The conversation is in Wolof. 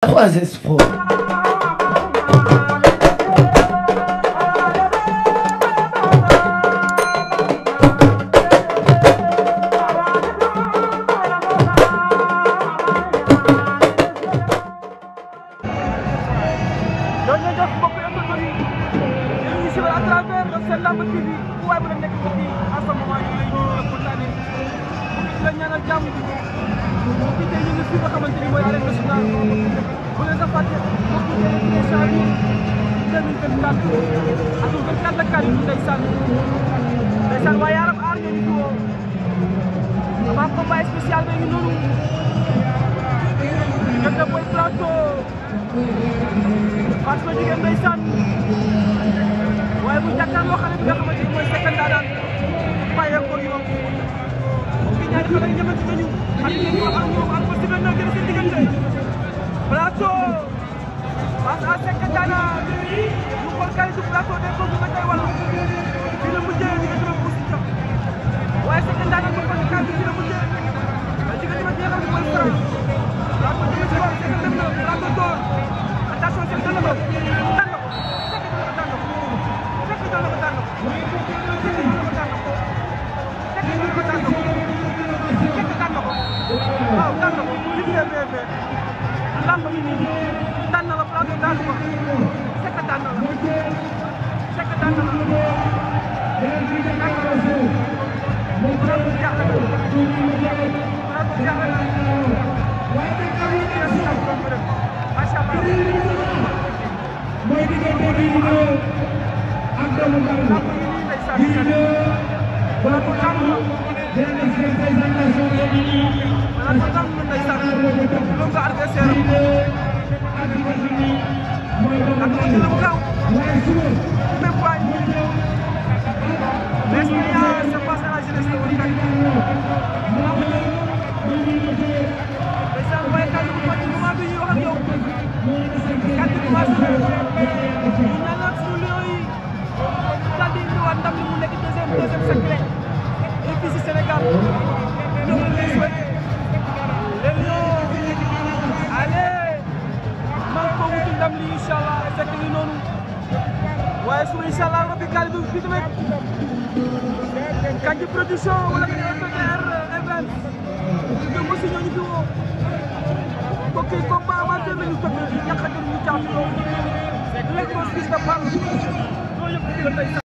3S4. waaye bu la nekk fii en ce moment ñu ngi lay ñaanal jàmm mbokk yi tey ñu ngi fi nga xamante ni mooy arène nationale bu leen sa fàtte mbokk yi tey ñu ngi janvier 2024 atum 24 la kan yi ndeysaan ndeysaan waa Yaram Aar ñoo ñu fi woo avant combat spécial ba ngi noonu diggante Boy Plateau parce que jigéen ndeysaan waaye bu jàkkaarloo xale bi nga xamante ni mooy sekkandaa daan xale yi ñëwati nañu xale yi ñu wax ak ñoom ak possible na gën seen diggante plateau face à Seck Ndiana ñu xool kay du plateau des ko nga tey wàllu fi la mujjee ñu gën a pour si jot waaye Seck Ndiana ñu xool kay fi la mujjee ci gën a ñëw mooy Franc plateau dama ci wax Seck dem na plateau door attention Seck dana ko tànn ko Seck dana ko tànn ko Seck dana ko tànn ko CPF lamb mi nii tànn la plateau tànn ko sekk tànn la sekk tànn la mooy diggante Guiro ak doomu Garga Guiro doomu Garga adversaire am ndax dina mu daw même pas ñu mais ce se passe à la jeunesse de Ouakam exemple waaye kàddu bu mot moment bi ñuy wax ak yow kàddu bu mot ñu ñaanal suñu lion yi daal di indiwaat ndam li mu nekk deuxième deuxième secret et fii si Sénégal. fekk nii noonu waaye suba incha allah rabbi Kalidou fii tamit Kandji production wala nga ne FPR event ñoom aussi ñooñu fi woo mbokk yi combat amateur la ñu toog ñu yàqante ñu caaf loolu léegi moom fils de Balla